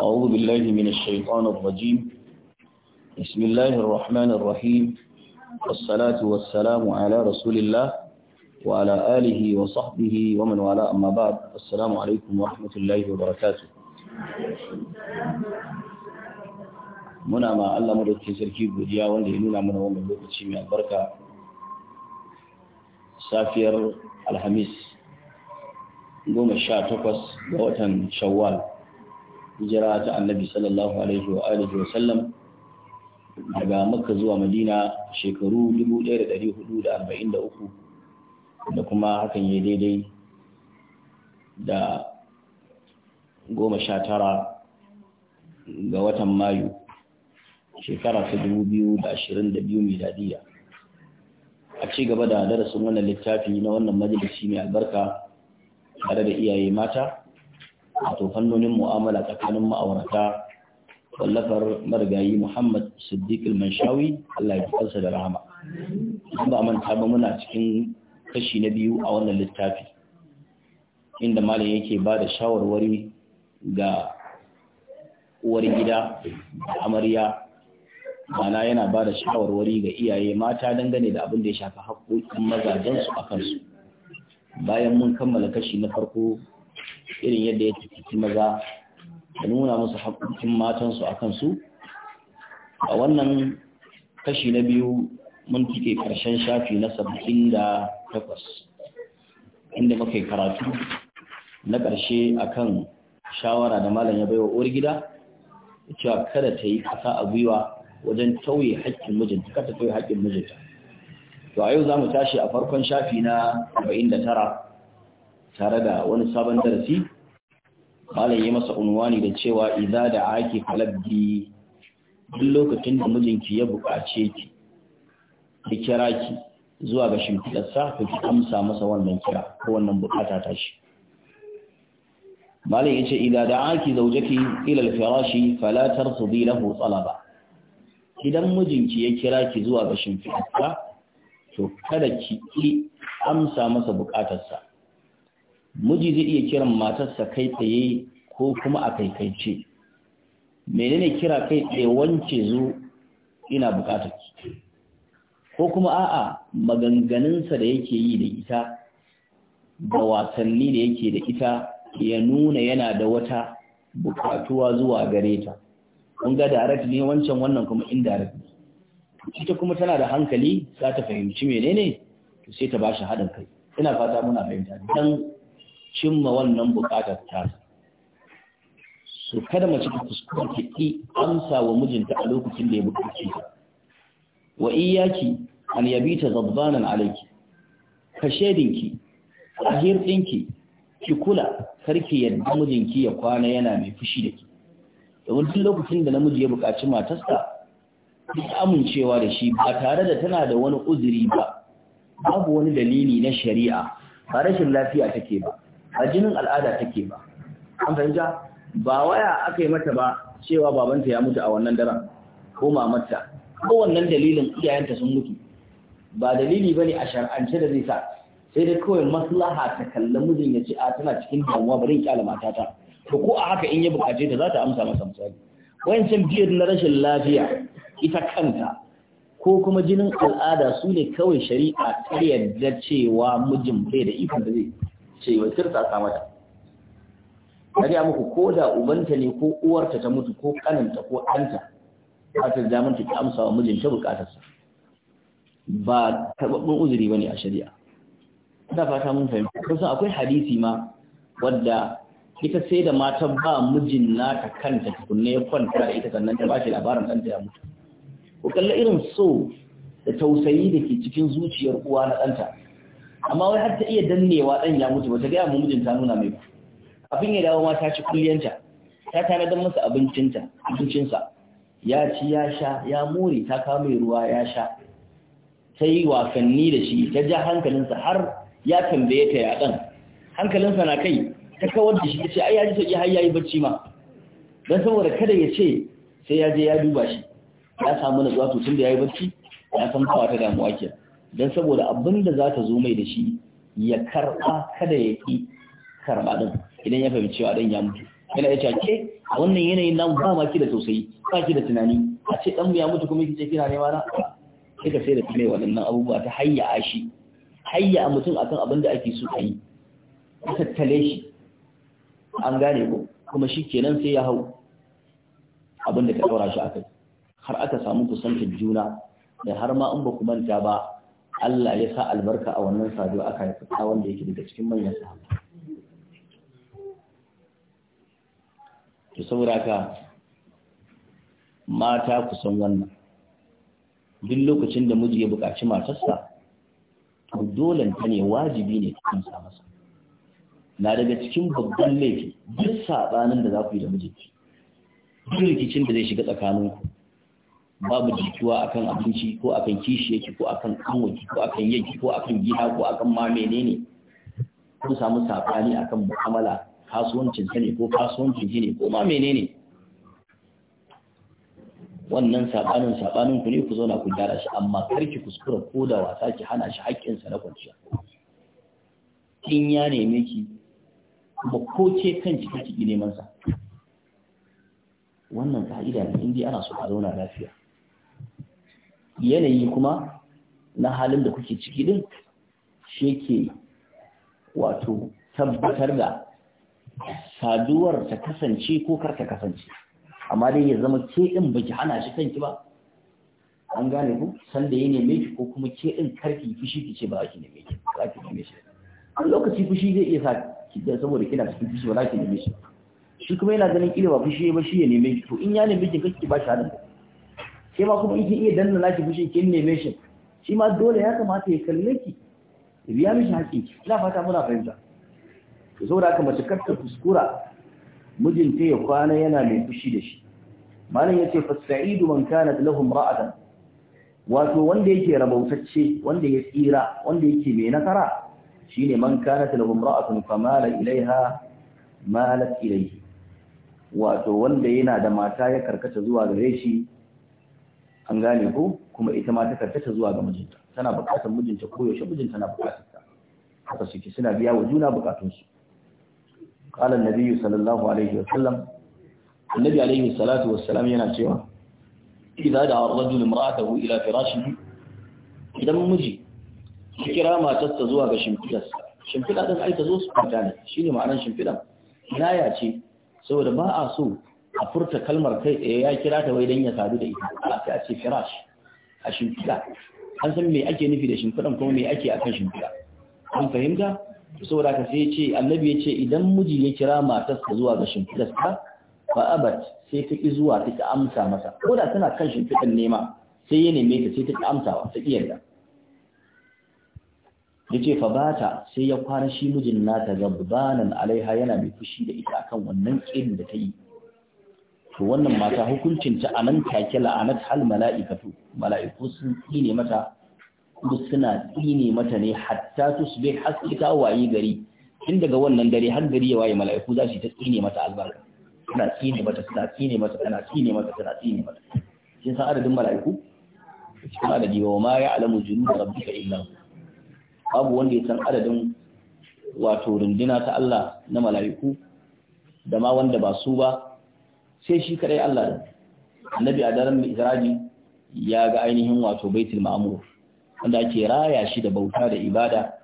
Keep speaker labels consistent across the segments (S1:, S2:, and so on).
S1: أعوذ بالله من الشيطان الرجيم بسم الله الرحمن الرحيم والصلاة والسلام على رسول الله وعلى آله وصحبه ومن والاه أما بعد السلام عليكم ورحمة الله وبركاته منا ما Allah madaukakin sarki godiya wanda ya nuna mana wannan بوك mai البركة safiyar الحميس goma الشاة takwas ga watan hijira ta annabi sallallahu alaihi wa alihi wa sallam daga makka zuwa madina shekaru 1443 da kuma hakan ya daidai da goma sha tara ga watan mayu shekara ta 2022 miladiya a ci gaba da darasin wannan littafi na wannan majalisi mai albarka tare da iyaye mata wato fannonin mu'amala tsakanin ma'aurata wallafar marigayi Muhammad Siddiq al-Manshawi Allah ya kansa da rahama in ba manta ba muna cikin kashi na biyu a wannan littafi inda malam yake ba da shawarwari ga uwar gida da amarya mana yana ba da shawarwari ga iyaye mata dangane da abin da ya shafi haƙƙoƙin mazajensu a kansu bayan mun kammala kashi na farko irin yadda ya cikin maza da nuna musu haƙƙin matansu a kansu a wannan kashi na biyu mun fike ƙarshen shafi na saba'in da takwas inda muka yi karatu na ƙarshe a kan shawara da malam ya baiwa uwar gida cewa kada ta yi ƙasa a gwiwa wajen tauye haƙƙin mijinta kada ta tauye haƙƙin mijinta to a yau za mu tashi a farkon shafi na tara? tare da wani sabon darasi malam yi masa unwani da cewa idza da aki falabbi duk lokacin da mijinki ya buƙace ki ki kira ki zuwa ga shimfiɗarsa ko ki amsa masa wannan kira ko wannan buƙata ta shi malam ce idza da ake zaujaki ila al-firashi fala tarfudi lahu talaba idan mijinki ya kira ki zuwa ga shimfiɗarsa to kada ki amsa masa buƙatarsa miji zai iya kiran matarsa kai tsaye ko kuma a kaikaice menene kira kai tsaye wance zo ina bukatar ki ko kuma a'a maganganunsa da yake yi da ita da wasanni da yake da ita ya nuna yana da wata bukatuwa zuwa gare ta kun ga direct ne wancan wannan kuma indirect ne ita kuma tana da hankali za ta fahimci menene to sai ta bashi haɗin kai ina fata muna fahimta dan cimma wannan bukatar ta su kada mace ta kuskura ta ki amsa wa mijinta a lokacin da ya buƙaci ta wa iyaki an yabi ta zabbanan alaiki ka shedinki a hirɗinki ki kula karki yadda mijinki ya kwana yana mai fushi da ki domin duk lokacin da namiji ya buƙaci matarsa duk amincewa da shi ba tare da tana da wani uzuri ba babu wani dalili na shari'a ba rashin lafiya take ba A jinin al'ada take ba an fahimta ba waya aka yi mata ba cewa babanta ya mutu a wannan daren ko mamarta ko wannan dalilin iyayenta sun mutu ba dalili bane a shar'ance da zai sa sai dai kawai maslaha ta kallon mijin ya ce a tana cikin damuwa bari in kyala matata to ko a haka in ya bukace ta za ta amsa masa misali Wancan biyar na rashin lafiya ita kanta ko kuma jinin al'ada su ne kawai shari'a ta yarda cewa mijin bai da ikon da zai ce wa tirsa sa mata a muku ko da ubanta ne ko uwarta ta mutu ko kananta ko anta, ba ta damar ta amsa wa mijinta bukatarsa ba karɓaɓɓen uzuri ba ne a shari'a ta fata mun fahimta kusan akwai hadisi ma wadda ita sai da mata ba mijin nata kanta tukunne ya kwanta da ita sannan ta bashi labarin ɗanta ya mutu ku kalla irin so da tausayi da ke cikin zuciyar uwa na ɗanta amma wai har ta iya dannewa ɗan ya mutu ta gaya mu mijin ta nuna mai abin ya dawo ma ta ci kulliyanta ta tanadar masa abincinta abincinsa ya ci ya sha ya more ta kawo mai ruwa ya sha ta yi wasanni da shi ta ja hankalinsa har ya tambaye ta ya ɗan hankalinsa na kai ta kawar da shi ta ce ai ya ji sauƙi har ya yi bacci ma don saboda kada ya ce sai ya je ya duba shi ya samu natsuwa to tun da ya yi bacci ya san kawata ta damuwa kenan don saboda abin da za ta zo mai da shi ya karɓa kada ya ƙi karɓa ɗin idan ya fahimci cewa ɗan ya mutu yana ya a wannan yanayin namu ba ma ki da tausayi ba ki da tunani a ce ɗan ya mutu kuma kice kina nema na sai ka sai da tunai waɗannan abubuwa ta hayya a shi hayya a mutum akan abin da ake so a yi a tattale shi an gane ko kuma shi kenan sai ya hau abin da ka ɗaura shi a kai har aka samu kusantar juna da har ma in ba ku manta ba Allah ya sa albarka a wannan saduwa aka haifi fita wanda yake daga cikin manyan sahaba. to saboda ka mata ku san wannan duk lokacin da miji ya buƙaci matarsa to dole ta ne wajibi ne ta kansa masa na daga cikin babban laifi duk sabanin da za ku yi da mijinki duk rikicin da zai shiga tsakaninku babu jituwa akan abinci ko akan kishi yake ko akan kanwaki ko akan yaki ko akan gida ko akan ma menene kun samu sabani akan mu'amala kasuwancin sa ne ko kasuwancin shi ne ko ma menene wannan sabanin sabanin ku ne ku zauna ku gyara shi amma kar ki kuskura ko da wasa ki hana shi haƙƙin sa na kwanciya in ya neme ki kuma ko ke ki kake neman sa wannan ka'ida ne in dai ana so a zauna lafiya yanayi kuma na halin da kuke ciki din shi ke wato tabbatar da saduwar ta kasance ko kar ta kasance amma dai ya zama ke ba ki hana shi kanki ba an gane ku san da ya neme ki ko kuma ke din karki fushi ki ce ba ki neme ki ba ki neme shi an lokaci fushi zai iya sa ki da saboda kina cikin fushi ba za ki neme shi shi kuma yana ganin kila ba fushi ba shi ya neme ki to in ya neme ki kake ba shi hadin Shi ma kuma kin iya danna naki fushi kin neme shi shi ma dole ya kamata ya kalle ki ya biya mishi haƙi ina fata muna fahimta to saboda haka mace karta kuskura mijinta ya kwana yana mai fushi da shi malam yace fasaidu man kanat lahum ra'atan wato wanda yake rabautacce wanda ya tsira wanda yake mai nasara shine man kanat lahum ra'atan famala ilaiha malat ilayhi wato wanda yana da mata ya karkata zuwa gare shi an gane ko kuma ita ma ta karkata zuwa ga mijinta tana buƙatar mijinta koyaushe mijinta na buƙatar ta haka suke suna biya wa juna buƙatunsu قال النبي صلى الله عليه وسلم النبي عليه wa salam yana cewa idza da ar-rajulu imra'atahu ila firashihi idan miji ya kira matarsa zuwa ga shimfidarsa shimfida din ai ta zo su kwanta ne shine ma'anar shimfida naya ce saboda ba a so a furta kalmar kai ɗaya ya kira ta wai don ya sadu da ita a sai a ce firash a shimfiɗa an san me ake nufi da shimfiɗan kuma me ake akan shimfiɗa an fahimta saboda ka sai ce annabi ya ce idan miji ya kira matarsa zuwa ga shimfiɗarsa ba abat sai ta ki zuwa ta ki amsa masa ko da tana kan shimfiɗan nema sai ya neme ta sai ta ki amsawa ta ki yarda ce fa bata sai ya kwana shi mijin nata gabbanan alaiha yana mai fushi da ita akan wannan kin da ta yi to wannan mata hukuncin ta anan take la'anat hal mala'ikatu mala'iku sun tsine mata kuma suna tsine mata ne hatta tusbih hasita wayi gari tun daga wannan dare har gari ya waye mala'iku za su ta tsine mata albarka suna tsine mata suna tsine mata suna tsine mata suna tsine mata shi san adadin mala'iku cikin adadi wa ma ya'lamu junud rabbika illa babu wanda ya san adadin wato rundina ta Allah na mala'iku da ma wanda ba su ba sai shi kadai Allah ne annabi a daren isra'i ya ga ainihin wato baitul ma'mur wanda ake raya shi da bauta da ibada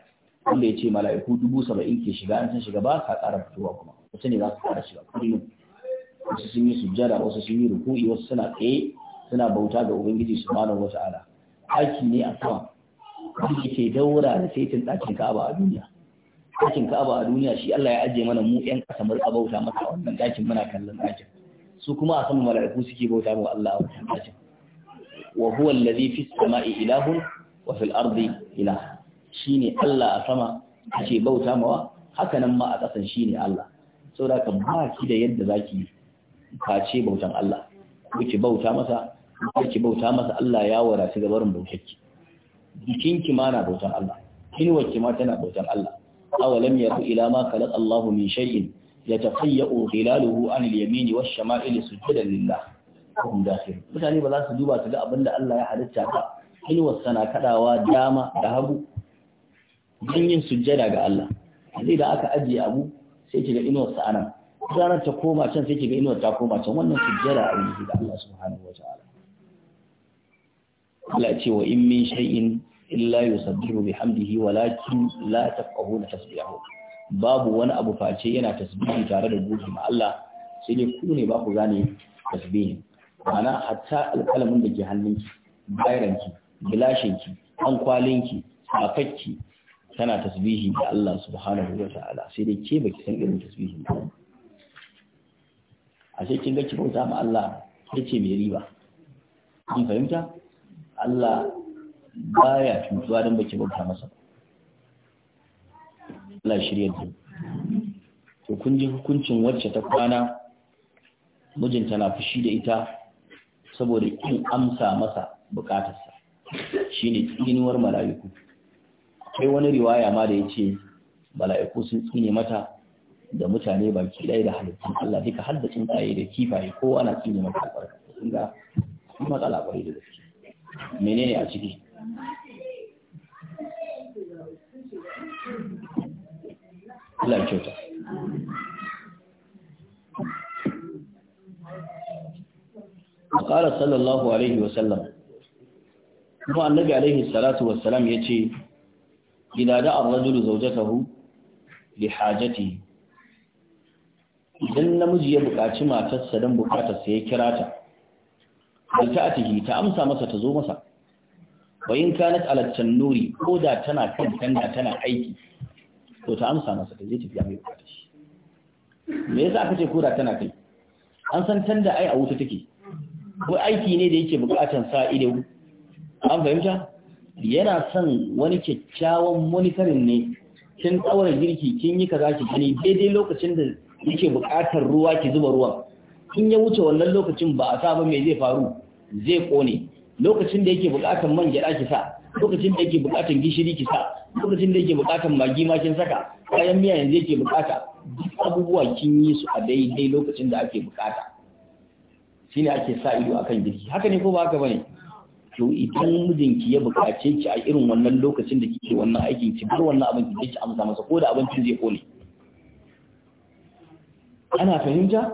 S1: wanda ya ce mala'iku dubu saba'in ke shiga an san shiga ba sa ƙara fitowa kuma wasu ne za su ƙara shiga kullum wasu sun yi sujjada wasu sun yi ruku'i wasu suna tsaye suna bauta ga ubangiji subhanahu ala. aiki ne a sama wanda ke daura da saitin ɗakin ka'aba a duniya ɗakin ka'aba a duniya shi Allah ya ajiye mana mu ƴan ƙasa mu riƙa bauta masa wannan ɗakin muna kallon ɗakin su kuma a sama mala'iku suke bauta mu Allah a wa huwa allazi fi samai ilahun wa fil ina ilah shine Allah a sama ce bauta mawa haka nan ma a ƙasan shine Allah da ka ba ki da yadda ki face bautan Allah kuke bauta masa kuke bauta masa Allah ya warace gabarin bautarki jikinki ma na bautan Allah inuwarki ma tana bautan Allah awalam yaru ila ma khalaq Allahu min shay'in yataqayyau dhilaluhu an al-yamin wa ash-shama'il sujudan lillah hum dakhil mutane ba za su duba su ga abinda Allah ya halitta ba inuwar wasana kadawa dama da hagu don yin sujjada ga Allah zai da aka ajiye abu sai kiga inuwar anan ranar ta koma can sai kiga inuwar ta koma can wannan sujjada a yi ga Allah subhanahu wa ta'ala Allah ce wa in min shay'in illa yusabbihu bihamdihi walakin la tafqahuna tasbihahu babu wani abu face yana tasbihi tare da gudu ma Allah sai dai ku ne ba ku gane tasbihi ma'ana hatta alƙalamin da ke hannunki bairanki gilashinki kwalinki, safakki tana tasbihi da Allah subhanahu wa sai dai ke baki san irin tasbihin ba a sai kin ga ki bauta ma Allah ce mai riba kin fahimta Allah baya tuntuwa dan baki bauta masa ba Allah shirya da to kun ji hukuncin wacce ta kwana mijinta na fushi da ita saboda in amsa masa bukatarsa ne tsinuwar mala'iku kai wani riwaya ma da ya ce mala'iku sun tsine mata da mutane baki ɗaya da halittun Allah duka har da tsuntsaye da kifaye ko ana tsine mata albarka sun ga matsala kwarai menene a ciki Allah kyauta Qala sallallahu alaihi wa sallam kuma annabi alaihi salatu wa salam yace Ina da ar-rajulu zawjatahu li hajati, idan namiji ya buƙaci matarsa don buƙatarsa ya kira ta ta atihi ta amsa masa ta zo masa wayin kanat alattan nuri ko da tana kan tana aiki to ta amsa masa ta tafiya mai bukata shi me yasa aka ce kura tana kai an san can da ai a wuta take ko aiki ne da yake bukatan sa ido an fahimta yana son wani kyakkyawan monitoring ne kin tsawar girki kin yi kaza ki gani daidai lokacin da yake bukatar ruwa ki zuba ruwan in ya wuce wannan lokacin ba a sa ba me zai faru zai kone lokacin da yake bukatan man gyada ki sa lokacin da yake bukatar gishiri ki sa lokacin da yake bukatan magi ma kin saka kayan miya yanzu yake bukata duk abubuwa kin yi su a daidai lokacin da ake bukata shine ake sa ido akan girki haka ne ko ba haka bane to idan mijinki ya bukace ki a irin wannan lokacin da kike wannan aikin ki bar wannan abin ki ki amsa masa ko da abincin zai kone ana fahimta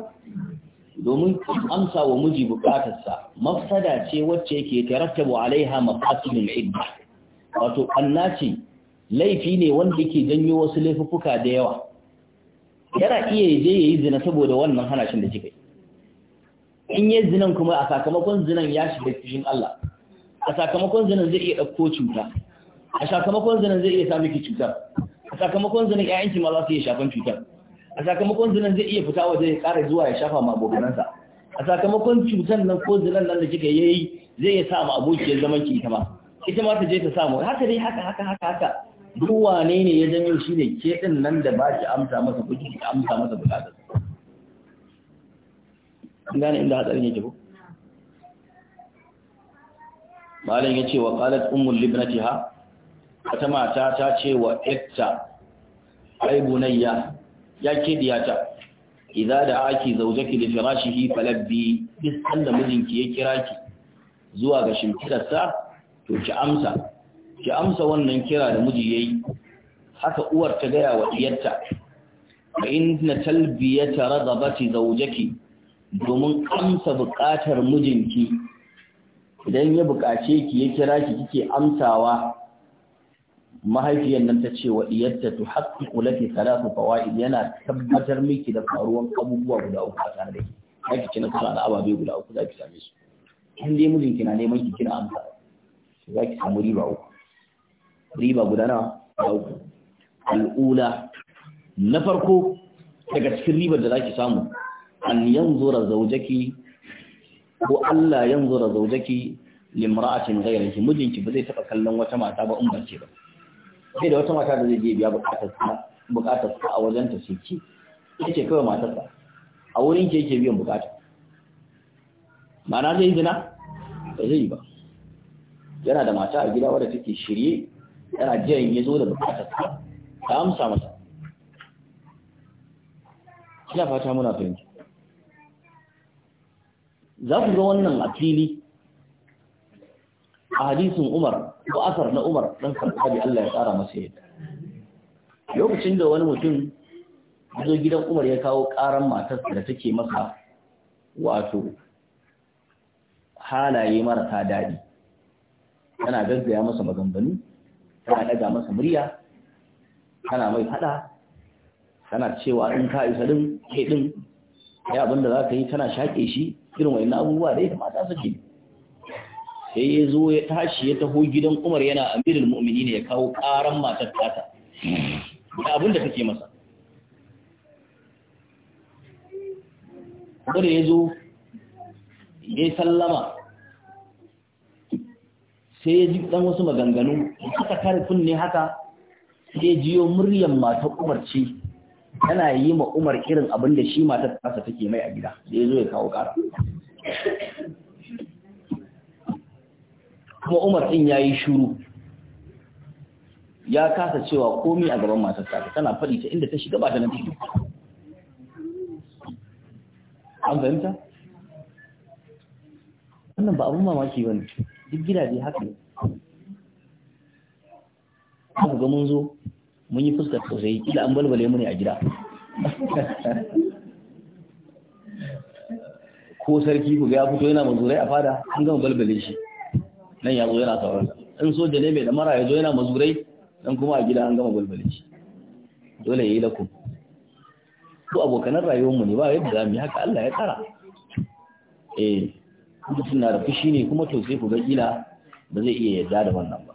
S1: domin amsa wa miji bukatarsa mafsada ce wacce yake tarattabu alaiha mafasilul idda wato annaci laifi ne wanda yake janyo wasu laifuka da yawa yana iya je yayi zina saboda wannan hanashin da kike in yayi zinan kuma a sakamakon zinan ya shiga cikin Allah a sakamakon zinan zai iya ɗauko cuta a sakamakon zinan zai iya samu cuta cutar a sakamakon zinan ƴaƴanki ma za su iya shafan cutar a sakamakon zinan zai iya fita waje ya ƙara zuwa ya shafa ma a sakamakon cutar nan ko zinan nan da kika yayi zai iya sa ma abokiyar zaman ki ita ma ita ma ta je ta samu haka dai haka haka haka haka duk wane ne ya janyo shi ne ke ɗin nan da ba ki amsa masa kuɗi da amsa masa buƙatar gane inda hatsarin yake ko malam ya ce wa qalat ummul libnatiha wata mata ta ce wa Aibunayya ai bunayya ya ke diyata idza da aki zaujaki li firashihi falabbi bisan da mijinki ya kira ki zuwa ga shimfidarsa to ki amsa ki amsa wannan kira da miji yayi haka uwar ta gaya wa diyarta fa inna talbiyata radabati zawjaki domin amsa buƙatar mijinki idan ya buƙace ki ya kira ki kike amsawa mahaifiyar nan ta ce wa diyarta tu haqqiqu laki thalathu fawaid yana tabbatar miki da faruwan abubuwa guda uku a tare da ki haki kina tsara da ababe guda uku za ki same su in dai mijinki na neman ki kina amsa za ki samu riba uku riba guda nawa uku al'ula na farko daga cikin ribar da zaki samu an da zaujaki ko Allah yanzura zaujaki limra'atin ghayrihi mijinki ba zai taba kallon wata mata ba in ba ce ba sai da wata mata da zai je biya bukatarsa a wajen ta sai ki yake kawai matarsa a wurin ki yake biyan bukata ma'ana zai zina ba zai yi ba yana da mata a gida wadda take shirye yana jiran ya zo da bukatar ka ka amsa masa ina fata muna fahimci za ku ga wannan a fili a hadisin Umar ko asar na Umar dan sahabi Allah ya tsara masa yadda lokacin da wani mutum zo gidan Umar ya kawo karan matarsa da take masa wato halaye marasa daɗi tana gaggaya masa maganganu tana ɗaga masa murya tana mai haɗa, tana cewa in ka isa din ke din ya abinda za ka yi tana shaƙe shi irin wani abubuwa da ya mata suke sai ya zo ya tashi ya taho gidan umar yana amirul mu'mini ne ya kawo ƙaran matar tata da abinda take masa wanda ya zo ya sallama sai ya ji dan wasu maganganu haka kare ne haka sai ya jiyo muryar mata Umar ce tana yi ma Umar irin abin da shi matar kasa take mai a gida sai ya zo ya kawo kara kuma Umar din yayi shiru ya kasa cewa komai a gaban matar ta, tana faɗi ta inda ta shiga ba ta nan take an fahimta wannan ba abun mamaki bane duk gidaje haka ne aka ga mun zo mun yi fuskar sosai, kila an balbale mu ne a gida ko sarki ku ya fito yana mazurai a fada an gama balbale shi nan ya zo yana sauran in soja ne mai mara ya zo yana mazurai dan kuma a gida an gama balbale shi dole ya yi lakum ko abokanan rayuwar mu ne ba yadda za mu yi haka Allah ya tsara eh mutum na da fushi ne kuma to sai ku ga kila ba zai iya yarda da wannan ba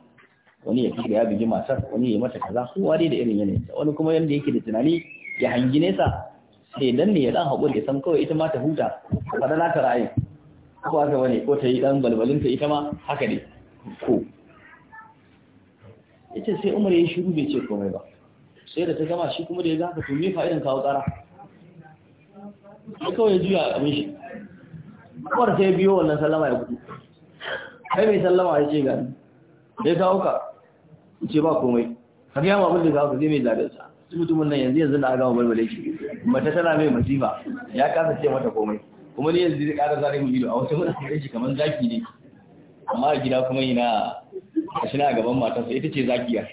S1: wani ya kira ya bigi matar wani ya mata kaza kowa dai da irin yanayin wani kuma yanda yake da tunani ya hangi nesa sai dan ne ya dan haƙuri ya san kawai ita ma ta huta ba na ta ra'ayi ko haka bane ko ta yi dan balbalin ta ita ma haka ne ko yace sai Umar ya shiru bai ce komai ba sai da ta gama shi kuma da ya zaka ka to me fa'idan kawo tsara sai kawai ya juya abin shi Kawar sai biyo wannan sallama ya gudu kai mai sallama ya ce gani sai ta hauka ce ba komai ka ga abin da kawo zai mai zagarsa. sa mutumin nan yanzu yanzu na ga balbale shi mata tana mai masifa ya kasa ce mata komai kuma ne yanzu zai kara zarin mu ido a wata muna kai shi kamar zaki ne amma a gida kuma yana a shi na gaban matarsa ita ce zakiya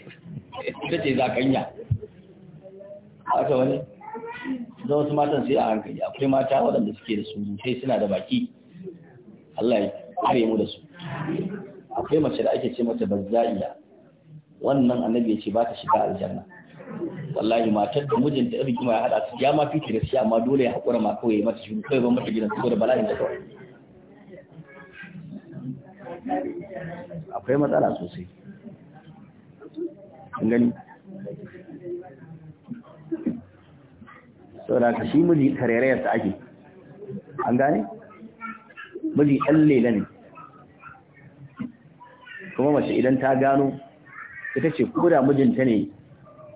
S1: ita ce zakanya haka wani don su matan sai a hankali akwai mata waɗanda suke da surutai suna da baki Allah ya kare mu da su akwai mace da ake ce mata bazza'iya wannan annabi ya ce ba ta shiga aljanna wallahi matar da mijinta irin kima ya hada su ya ma fiti da shi amma dole ya haƙura ma kawai mata shi kawai ban mata gidan saboda bala'in da kawai akwai matsala sosai an gani saboda ka shi miji karerayar ta ake an gane miji ɗan lela ne kuma mace idan ta gano ita ce ko da mijinta ne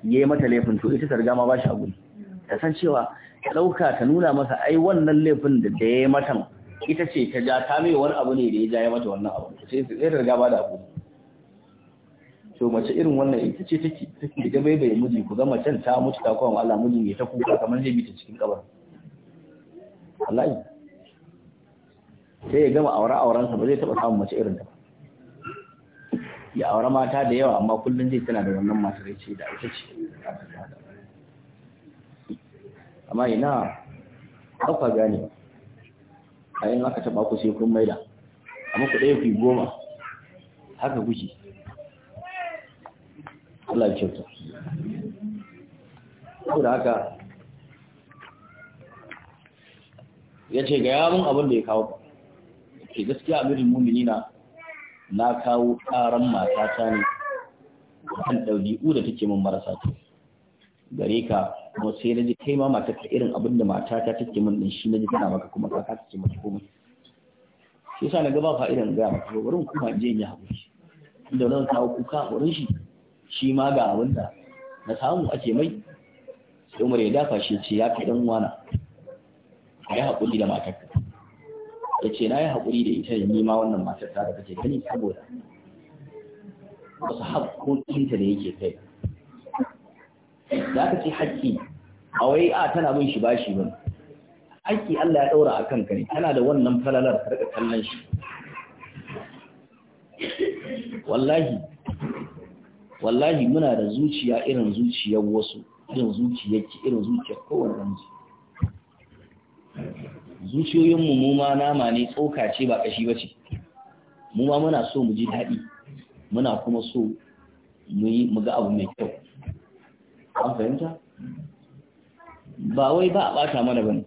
S1: ya yi mata laifin to ita targa ma ba shi abu ta san cewa ta ɗauka ta nuna masa ai wannan laifin da ya yi mata ita ce ta ja ta mai wani abu ne da ya ja ya mata wannan abu sai ta targa ba da abu to mace irin wannan ita ce take take da bai miji ku ga macen ta mutu ta kowa Allah mijin ya ta kuka kamar zai bi ta cikin kabar wallahi sai ya gama aure aurensa ba zai taɓa samun mace irin ta ya aure mata da yawa amma kullum zai tana da wannan masu rai ce da ita ce amma ina ɗauka gane a yin aka taɓa ku sai kun maida amma ku ɗaya fi goma haka kuke Allah kyauta da haka ya ce ga yamin abin da ya kawo ce gaskiya amirin muminina na kawo ƙaran matata ne kan ɗabi'u da take min marasa ta gare ka kuma sai na ji kai ma matarka irin abin da matata take min din shi na ji tana maka kuma kaka take mata komai shi yasa na gaba fa'idan ga maka ba wurin kuma je in yi haƙuri inda zan kawo kuka a wurin shi shi ma ga abin da na samu ake mai sai umar ya dafa shi ce ya kai dan wana a yi haƙuri da matarka ya ce na yi haƙuri da ita yin nima wannan matar ta da kake gani saboda wasu ta da yake kai za ka ce haƙƙi a wai a tana bin shi bashi ba. haƙƙi Allah ya ɗaura a kanka ne tana da wannan falalar ka rika kallon shi wallahi wallahi muna da zuciya irin zuciyar wasu irin zuciyar ki irin zuciyar kowane namiji zuciyoyin mu mu ma nama ne tsoka ce ba kashi bace mu ma muna so mu ji daɗi muna kuma so mu yi ga abu mai kyau an fahimta ba wai ba a ɓata mana bane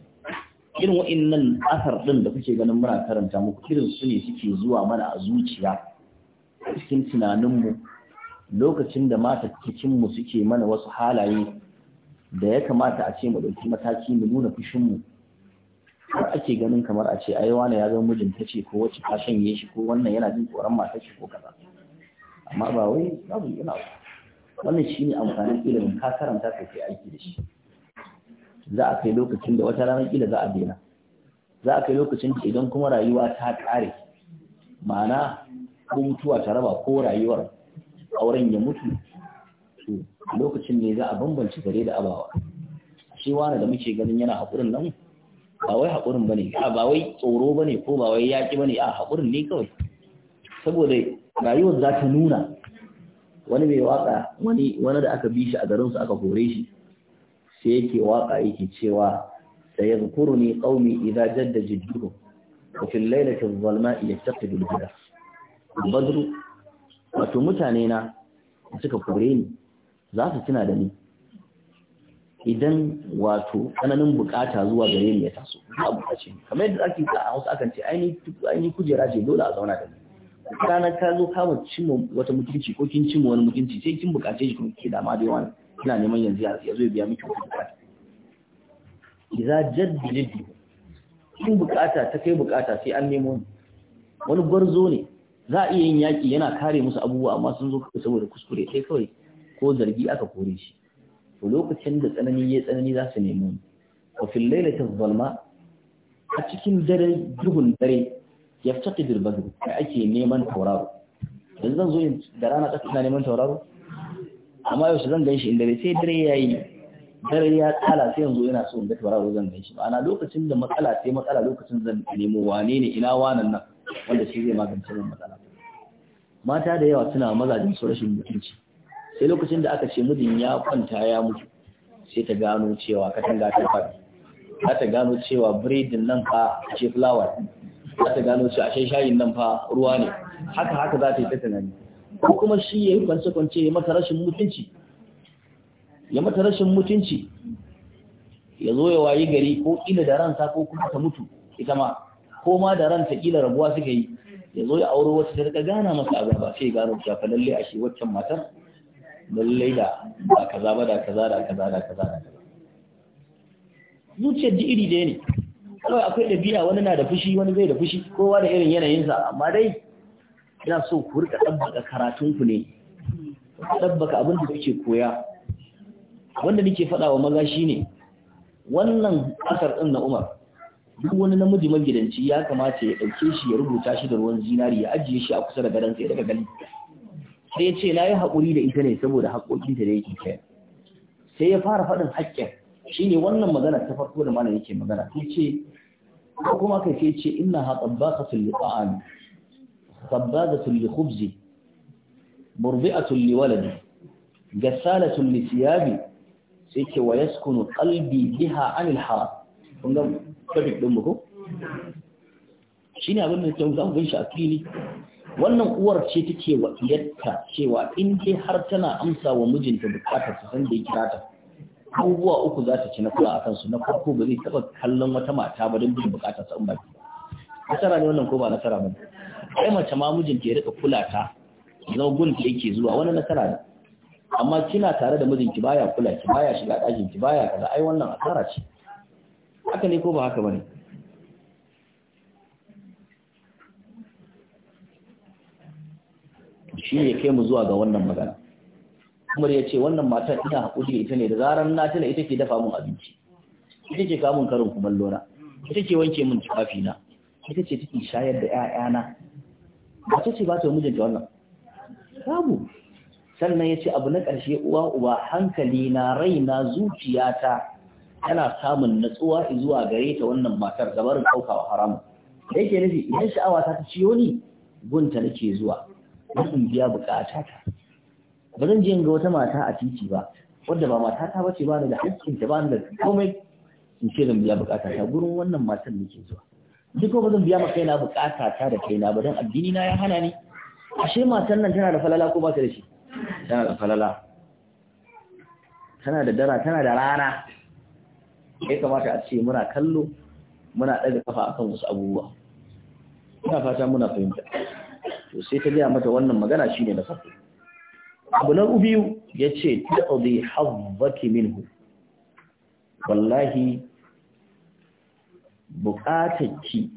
S1: irin wa'annan asar ɗin da kuke ganin muna karanta muku irin su ne suke zuwa mana a zuciya cikin tunaninmu lokacin da mata cikinmu suke mana wasu halaye da ya kamata a ce mu ɗauki mataki mu nuna fushinmu har ake ganin kamar a ce ai wane ya zama mijin ta ce ko wacce ta shanye shi ko wannan yana jin tsoron mata ce ko kaza amma ba wai babu yana wannan shine amfanin ilimin ka karanta ka kai aiki da shi za a kai lokacin da wata ranar kila za a daina za a kai lokacin da idan kuma rayuwa ta kare ma'ana ko mutuwa ta raba ko rayuwar auren ya mutu to lokacin ne za a bambance gare da abawa shi wani da muke ganin yana haƙurin nan ba wai haƙurin bane a ba wai tsoro bane ko ba wai yaƙi bane a haƙurin ne kawai saboda rayuwar za ta nuna wani mai waka wani wani da aka bi shi a garinsu aka kore shi sai yake waka yake cewa da sayadhkuruni ne ƙaumi jadda jidduhu wa fil laylati zalma iya tafi al badru wato mutane na suka kore ni za su tuna da ni idan wato tsananin bukata zuwa gare ni ya taso ba bukace kamar yadda ake sa a wasu akan ce ni kujera ce dole a zauna da ni kana ka zo kama cin wata mutunci ko kin cin wani mutunci sai kin bukace shi kuma ke ma da yawa kina neman yanzu ya zo ya biya miki wata bukata idza jaddalid kin bukata ta kai bukata sai an nemo wani gwarzo ne za a iya yin yaki yana kare musu abubuwa amma sun zo kawai saboda kuskure sai kawai ko zargi aka kore shi to lokacin da tsanani ya tsanani za su nemi wa fil lailati zalma a cikin dare duhun dare yaftaqi bil badr kai ake neman tauraro dan zan zo da rana ta ina neman tauraro amma yau zan ganshi inda dare sai dare yayi dare ya tsala sai yanzu ina so in ga tauraro zan ganshi ma'ana lokacin da matsala sai matsala lokacin zan nemo wane ne ina wanan nan wanda shi zai magance min matsala mata da yawa suna mazajin su rashin mutunci sai lokacin da aka ce mijin ya kwanta ya mutu sai ta gano cewa katanga ta faɗi za ta gano cewa biredin nan fa ce fulawa za ta gano cewa ashe shayin nan fa ruwa ne haka haka za ta yi ta tunani ko kuma shi ya yi kwance-kwance ya mata rashin mutunci ya mata rashin mutunci ya zo ya wayi gari ko ina da ransa ko kuma ta mutu ita ma ko ma da ranta kila rabuwa suka yi ya zo ya auro wata ta daga gana masa a gaba sai gano cewa fa lalle shi waccan matar lallai da ba kaza ba da kaza da kaza da kaza da kaza zuciyar ji iri ɗaya ne kawai akwai ɗabi'a wani na da fushi wani zai da fushi kowa da irin yanayinsa amma dai ina so ku rika ɗabbaka karatunku ne ɗabbaka abin da kuke koya wanda nake faɗa wa maza shine wannan asar ɗin na umar duk wani namiji magidanci ya kamata ya ɗauke shi ya rubuta shi da ruwan zinari ya ajiye shi a kusa da gadonsa ya daga gani sai ya ce na yi haƙuri da ita ne saboda haƙoƙinta da yake kai sai ya fara faɗin haƙƙin shi ne wannan magana ta farko da malam yake magana sai ce ko kuma kai sai ce inna ha tabbaqatul liqa'an tabbaqatul Hubzi, khubzi a li waladi da li siyabi sai ke wa yaskunu qalbi biha anil haram kun ga topic mu ko shine abin da ta za mu shi a fili wannan uwar ce take wa iyarta cewa in dai har tana amsa wa mijinta bukatar su san da ya kira ta abubuwa uku za ta ci na kula a kansu na farko ba zai taɓa kallon wata mata ba don bin bukatar sa in ba nasara ne wannan ko ba nasara ba kai mace ma mijinta ya rika kula ta zama gun yake zuwa wani nasara ne amma kina tare da mijinki baya kula ki baya shiga ɗakin ki baya kaza ai wannan asara ce haka ne ko ba haka bane shi ne kai mu zuwa ga wannan magana umar ya ce wannan matar ina hakuri ita ne da zarar na tana ita ke dafa mun abinci ita ce kamun karin kumallo na ita ce wanke mun tufafi na ita ce take shayar da ƴaƴana ba ce ba ta mijinta wannan babu sannan ya ce abu na ƙarshe uwa uba hankali na raina zuciyata tana samun natsuwa zuwa gare ta wannan matar da barin ɗaukawa haramun da yake nufi idan sha'awa ta ta ciyo ni gunta nake zuwa don biya bukata ta ba zan je in ga wata mata a titi ba wadda ba mata ta bace ba da hakkin ta ba da komai in ce zan biya bukata ta gurin wannan matan nake zuwa duk ba zan biya ma kaina bukata ta da kaina ba don addini na ya hana ni ashe matan nan tana da falala ko ba ta da shi tana da falala tana da dara tana da rana ya kamata a ce muna kallo muna ɗaga kafa akan wasu abubuwa ina fata muna fahimta to sai ta gaya mata wannan magana shine na farko abu na biyu yace ta'udhi hazzaki minhu wallahi bukatarki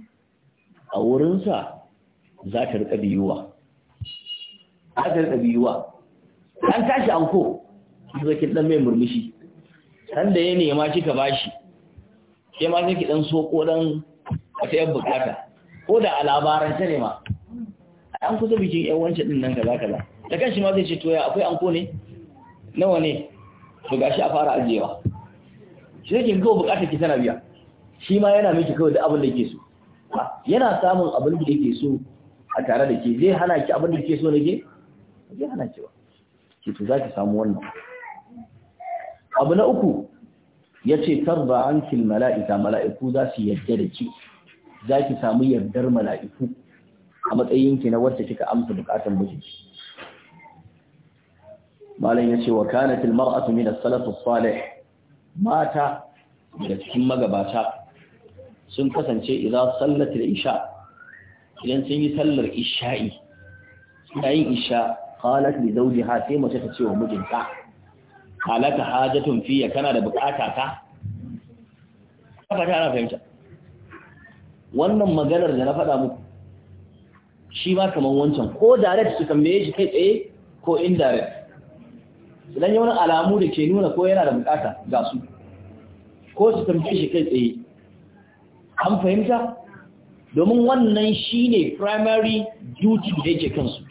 S1: a wurinsa za ta rika biyuwa za ta rika biyuwa an tashi anko zakin dan mai murmushi da ya nema kika bashi sai ma kike dan soko dan wata yan bukata ko da a labaran ta ne an kusa bikin yan wance din nan kaza kaza da kanshi ma zai ce to ya akwai anko ne nawa ne to gashi a fara ajiyewa shi yake kawai bukatar ki tana biya shi ma yana miki kawai da abin da yake so yana samun abin da yake so a tare da ke zai hana ki abin da yake so na ke zai hana ki ba ki to zaki samu wannan abu na uku yace tarba ankil mala'ika mala'iku za su yarda da ki zaki samu yardar mala'iku a matsayin ki na wacce kika amsa bukatan mijinki malam yace wa kanat almar'atu min as-salaf as-salih mata da cikin magabata sun kasance idan sallat al-isha idan sun yi sallar isha'i suna yin isha qalat li zawjiha sai mace ta ce wa mijinta halaka hajatun fiya kana da bukata ta ba ta fahimta wannan maganar da na faɗa muku shi ma kamar wancan ko direct su tambaye shi kai tsaye ko indirect idan yi wani alamu da ke nuna ko yana da bukata ga su ko su tambaye shi kai tsaye an fahimta domin wannan shi ne primary duty da yake kansu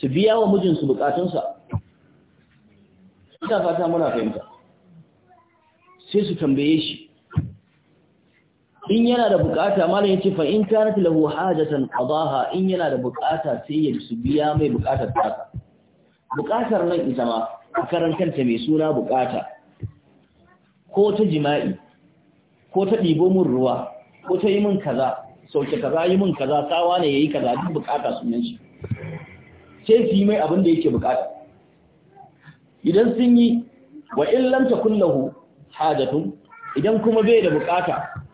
S1: su biya wa mijinsu bukatunsa ina fata muna fahimta sai su tambaye shi in yana da bukata mala yace fa in kanat lahu hajatan qadaha in yana da bukata sai ya su biya mai bukatar ta bukatar nan ita ma a ta mai suna bukata ko ta jima'i ko ta ɗibo min ruwa ko ta yi min kaza sauke kaza yi min kaza tsawa ne yayi kaza duk bukata sunan shi sai su yi mai abin da yake bukata idan sun yi wa in lam takun hajatun idan kuma bai da bukata